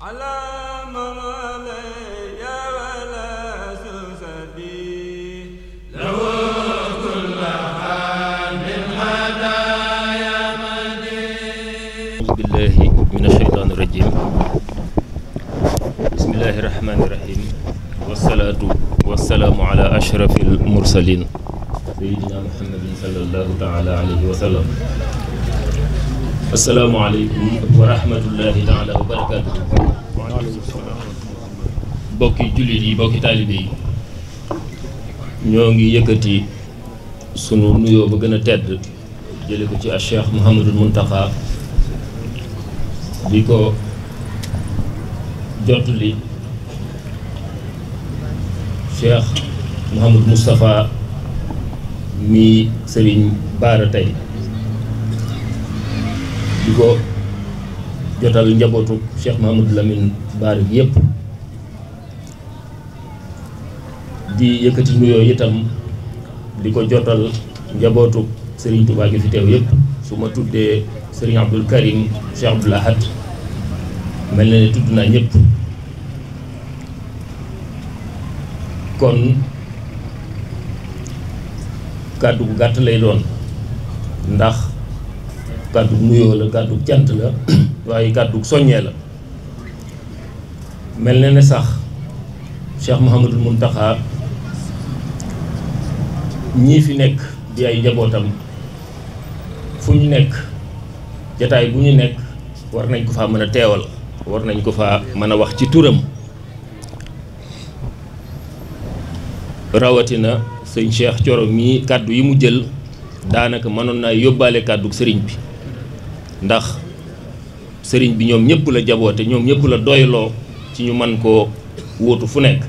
على ممالي يا ولا سوسدي له كل حال من هدايا مدين أعوذ بالله من الشيطان الرجيم بسم الله الرحمن الرحيم والصلاة والسلام على أشرف المرسلين سيدنا محمد صلى الله تعالى عليه وسلم asalaamaaleykum wa rahmatullahi taala wa barakaatu bokki jullit yi bokki taalibe yi ñoo ngi yëkkati sunu nuyoo ba gën a tedd jële ko ci a cheikh Mouhamadul Mountakha di ko jottali cheikh Mouhamadou Moustapha mi Serigne Baara tey di ko jotal njabootu Cheikh Mahamadou Lamine Baari yépp di yëkkati nuyoo itam di ko jotal njabootu Serigne Touba gi fi teew yëpp su ma tuddee Serigne Abdoul Karim Cheikh Abdoul Ahad mel na ne tudd naa ñëpp kon kàddu gu gàtt lay doon ndax kàddug nuyoo la kàddug cant la waaye kàddug soññee la mel na ne sax Cheikh Mouhamadul Mountakha ñii fi nekk di ay njabootam fu ñu nekk jataay bu ñu nekk war nañ ko fa mën a teewal war nañ ko fa mën a wax ci turam rawatina sëñ Cheikh Thioro mii kàddu yi mu jël daanaka mënoon naa yóbbaale kàddu sëriñ bi ndax sëriñ bi ñoom ñëpp la jaboote ñoom ñëpp la doyloo ci ñu man ko wóotu fu nekk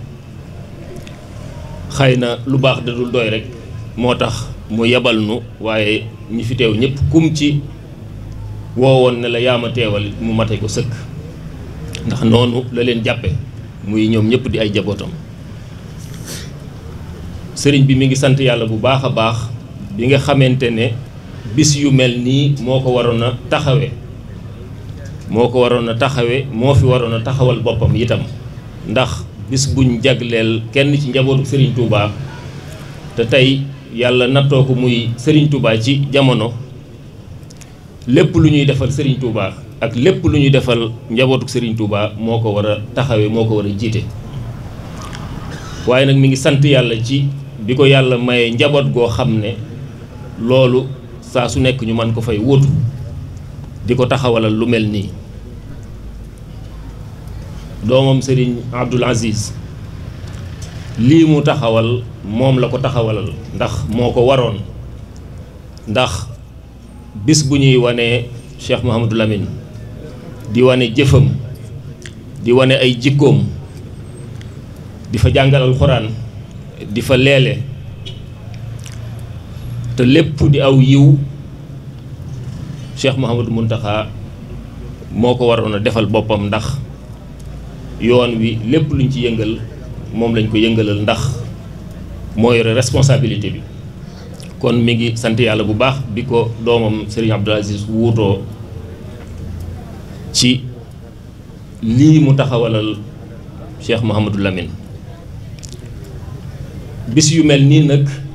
xëy na lu baax da doy rek moo tax mu yebal nu waaye ñi fi teew ñëpp kum ci woowoon ne la yaama teewal mu mate ko sëkk ndax noonu la leen jàppe muy ñoom ñëpp di ay jabootam sëriñ bi mi ngi sant yàlla bu baax a baax bi nga xamante ne bis yu mel nii moo ko waroon a taxawee moo ko waroon a taxawee moo fi waroon a taxawal boppam itam ndax bis buñ jagleel kenn ci njabootu Serigne Touba te tey yàlla nattoo ko muy Serigne Touba ci jamono lépp lu ñuy defal Serigne Touba ak lépp lu ñuy defal njabootu Serigne Touba moo ko war a taxawee moo ko war a jiite waaye nag mi ngi sant yàlla ci bi ko yàlla maye njaboot goo xam ne loolu saa su nekk ñu mën ko fay wóotu di ko taxawalal lu mel nii doomam Serigne Abdoul Aziz lii mu taxawal moom la ko taxawalal ndax moo ko waroon ndax bis bu ñuy wane Cheikh Mouhamadou Lamine di wane jëfam di wane ay jikkoom di fa jàngal alxuraan di fa leele te lépp di aw yiw Cheikh Mouhamadou Mountakha moo ko waroon a defal boppam ndax yoon wi lépp luñ ci yëngal moom lañ ko yëngalal ndax moo responsabilité bi kon mi ngi sant yàlla bu baax bi ko doomam Serigne Abdoul Aziz wuutoo ci lii mu taxawalal Cheikh Mouhamadou Lamine bis yu mel nii nag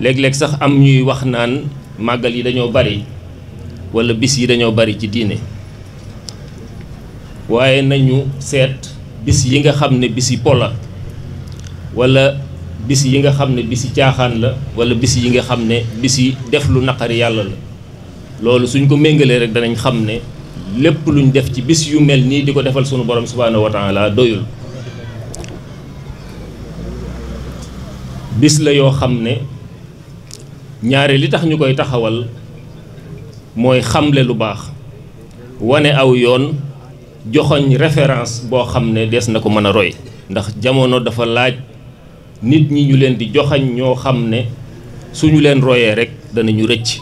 leg leg sax am ñuy wax naan magal yi dañoo bari wala bis yi dañoo bari ci diine waaye nañu seet bis yi nga xam ne bisi pola wala bis yi nga xam ne bisi caaxaan la wala bis yi nga xam ne bisi def lu naqari yàlla la loolu suñ ko méngalee rek danañ xam ne lépp luñ def ci bis yu mel nii di defal sunu borom subhanahu wa taala doyul bis la yoo xam ñaare li tax ñu koy taxawal mooy xamle lu baax wane aw yoon joxoñ référence boo xam ne des na ko mën a roy ndax jamono dafa laaj nit ñi ñu leen di joxañ ñoo xam ne suñu leen royee rek danañu rëcc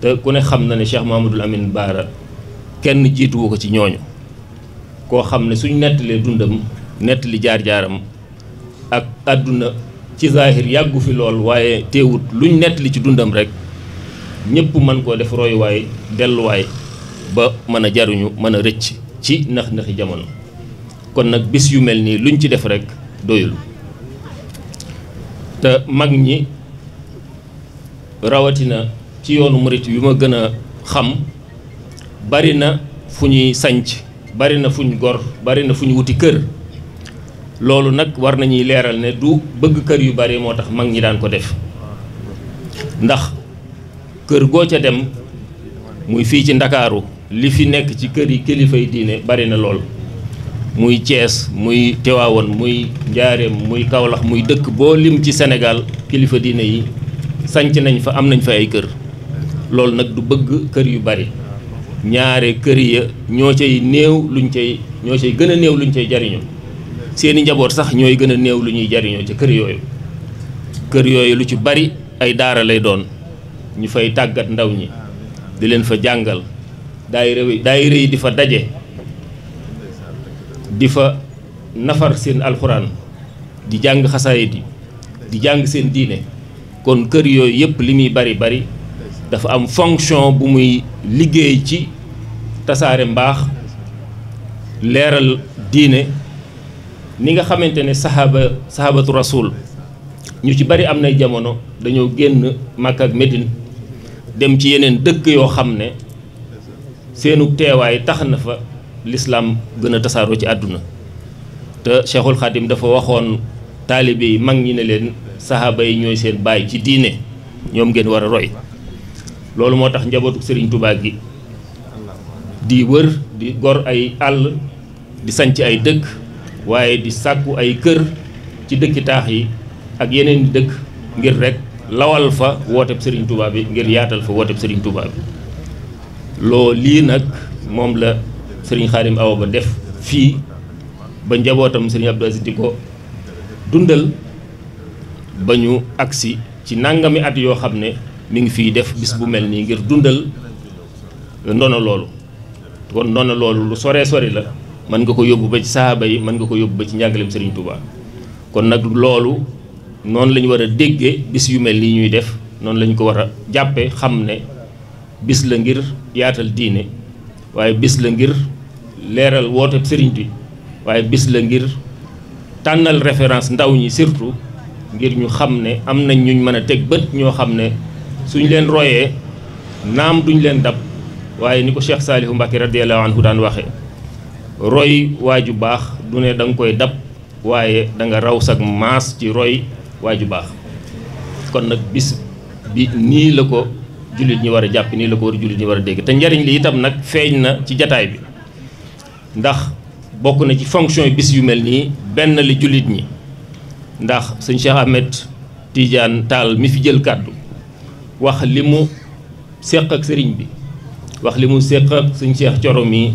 te ku ne xam na ne Cheikh Mahamadul Amin Baara kenn jiituwu ko ci ñooñu koo xam ne suñ nettalee dundam nettali jaar-jaaram ak àdduna ci zahir yàggu fi lool waaye teewut luñ nett li ci dundam rek ñëpp mën koo def royuwaay delluwaay ba mën a jaruñu mën a rëcc ci nax-naxi jamono kon nag bis yu mel nii luñ ci def rek doyul te mag ñi rawatina ci yoonu murit yu ma gën a xam bari na fu ñuy sanc bari na fu ñu gor bari na fu ñu wuti kër loolu nag war nañuy leeral ne du bëgg kër yu bari moo tax mag ñi daan ko def ndax kër goo ca dem muy fii ci ndakaaru li fi nekk ci kër yi kilifay diine bari na lool muy Thiès muy Tiwaawan muy Njaareem muy Kawlax muy dëkk boo lim ci senegal kilifa diine yi sanc nañ fa am nañ fa ay kër loolu nag du bëgg kër yu bari ñaare kër ya ñoo cay néew luñ cay ñoo cay gën a néew luñ cay jariñu seeni njaboot sax ñooy gën a néew lu ñuy jariñoo ci kër yooyu kër yooyu lu ci bari ay daara lay doon ñu fay tàggat ndaw ñi di leen fa jàngal daayira yi daayira yi di fa daje di fa nafar seen alxuraan di jàng xasaayit yi di jàng seen diine kon kër yooyu yëpp li muy bari bari dafa am fonction bu muy liggéey ci tasaare mbaax leeral diine ni nga xamante ne saxaaba saxaabatu rasul ñu ci bari am nay jamono dañoo génn Makka ak Medine dem ci yeneen dëkk yoo xam ne seenu teewaay tax na fa lislaam gën a tasaaroo ci àdduna te Cheikhul Khadim dafa waxoon taalibe yi mag ñi ne leen saxaaba yi ñooy seen baay ci diine ñoom ngeen war a roy loolu moo tax njabootu Serigne Touba gi di wër di gor ay àll di sanc ay dëkk waye di sakku ay keur ci dekk taax yi ak yeneen dekk ngir rek lawal fa wote Serigne Touba bi ngir yaatal fa wote Serigne Touba bi loo li nak mom la Serigne Khadim Awa def fi ba njabotam Serigne Abdou Aziz diko ko dundal bañu aksi ci nangami at yo xamne mi ngi fi def bis bu mel ngir dundal ndono lolo kon ndono loolu lu sore sore la mën nga ko yóbbu ba ci saaba yi mën nga ko yóbbu ba ci njàngaleem Serigne Touba kon nag loolu noonu lañu ñu war déggee bis yu mel nii ñuy def noonu lañu ko war a jàppee xam ne bis la ngir yaatal diine waaye bis la ngir leeral woote Serigne bi waaye bis la ngir tànnal référence ndaw ñi surtout ngir ñu xam ne am na ñu mën a teg bët ñoo xam ne suñ leen royee naam duñ leen dab waaye ni ko Cheikh Saliou Mbacke radiyallahu anhu daan waxee. roy waaju baax du ne da koy dab waaye danga nga raw sag maas ci roy waaju baax kon nag bis bi nii la ko jullit ñi war a jàpp nii la ko war jullit ñi war dégg te njariñ li itam nag feeñ na ci jataay bi ndax bokk na ci fonction bis yu mel nii benn li jullit ñi ndax sëñ Cheikh Ahmed Tidiane Tall mi fi jël kàddu wax li mu séq ak sëriñ bi wax li mu séq ak sëñ seex Coro mi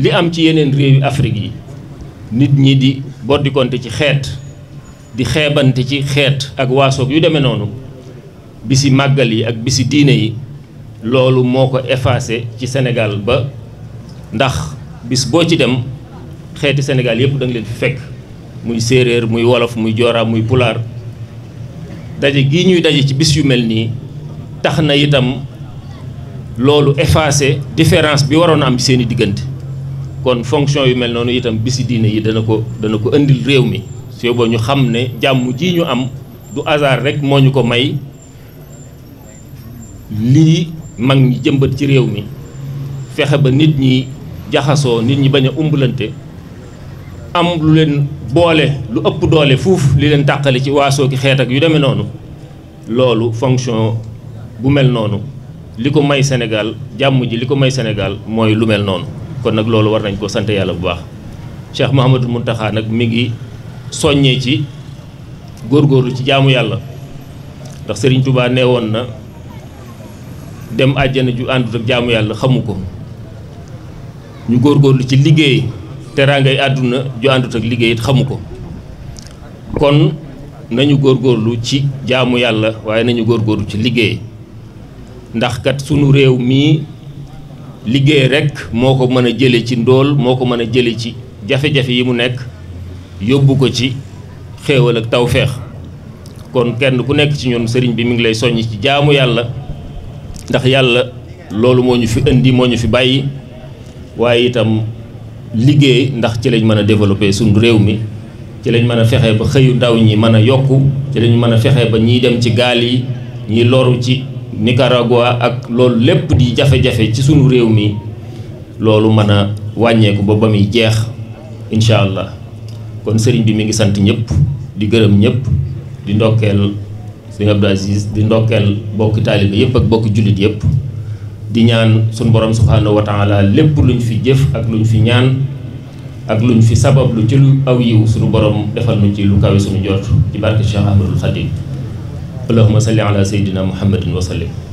li am ci yeneen réewi Afrique yi nit ñi di boddikonte ci xeet di xeebante ci xeet ak waasoog yu demee bisi màggal yi ak bisi diine yi loolu moko ko effacé ci Sénégal ba ndax bis boo ci dem xeeti Sénégal yëpp da nga leen fi fekk muy séeréer muy wolof muy joora muy pular daje gi ñuy daje ci bis yu mel nii tax na itam loolu effacé différence bi waroon am seeni diggante kon fonction yu mel noonu itam bisi diine yi dana ko dana ko indil réew mi su yóbboo ñu xam ne jàmm ji ñu am du hasard rek moo ñu ko may lii mag ñi jëmbat ci réew mi fexe ba nit ñi jaxasoo nit ñi bañ a umbulante am lu leen boole lu ëpp doole fuuf li leen tàqale ci waasoo ki xeet ak yu demee noonu loolu fonction bu mel noonu li ko may Sénégal jàmm ji li ko may Sénégal mooy lu mel noonu kon nag loolu war nañ ko sant yàlla bu baax Cheikh Mouhamadou Mountakha nag mi ngi soññee ci góorgóorlu ci jaamu yàlla ndax Serigne Touba nee woon na dem àjjana ju àndut ak yàlla xamu ko ñu góorgóorlu ci liggéey teraangay àdduna ju àndut ak liggéey xamu ko kon nañu góor góorlu ci jaamu yàlla waaye nañu góorgóorlu ci liggéey ndax kat sunu réew mii liggéey rekk moo ko mën a jële ci ndóol moo ko mën a jële ci jafe-jafe yi mu nekk yóbbu ko ci xewal ak tawfeex kon kenn ku nekk ci ñun sëriñ bi mu ngi lay soññ ci jaamu yàlla ndax yàlla loolu moo ñu fi indi moo ñu fi bàyyi waaye itam liggéey ndax ci lañ mën a développer suñu réew mi ci lañ mën a fexe ba xëyu ndaw ñi mën a yokku ci lañ mën a fexe ba ñiy dem ci gaal yi ñiy loru ci Nicaragua ak loolu lépp di jafe-jafe ci sunu réew mi loolu mën a wàññeeku ba ba muy jeex incha allah kon sëriñ bi mi ngi sant ñëpp di gërëm ñëpp di ndokkeel sëriñ Abdou Aziz di ndokkeel bokki taalibe yëpp ak bokki jullit yëpp di ñaan suñu borom subhaanahu wa taala lépp luñ fi jëf ak lu ñu fi ñaan ak luñ fi sabab lu ci lu aw yiw suñu borom defal nu ci lu kawe suñu jot ci barke Cheikh Ahmadul Khadim اللهم صل على سيدنا محمد وسلم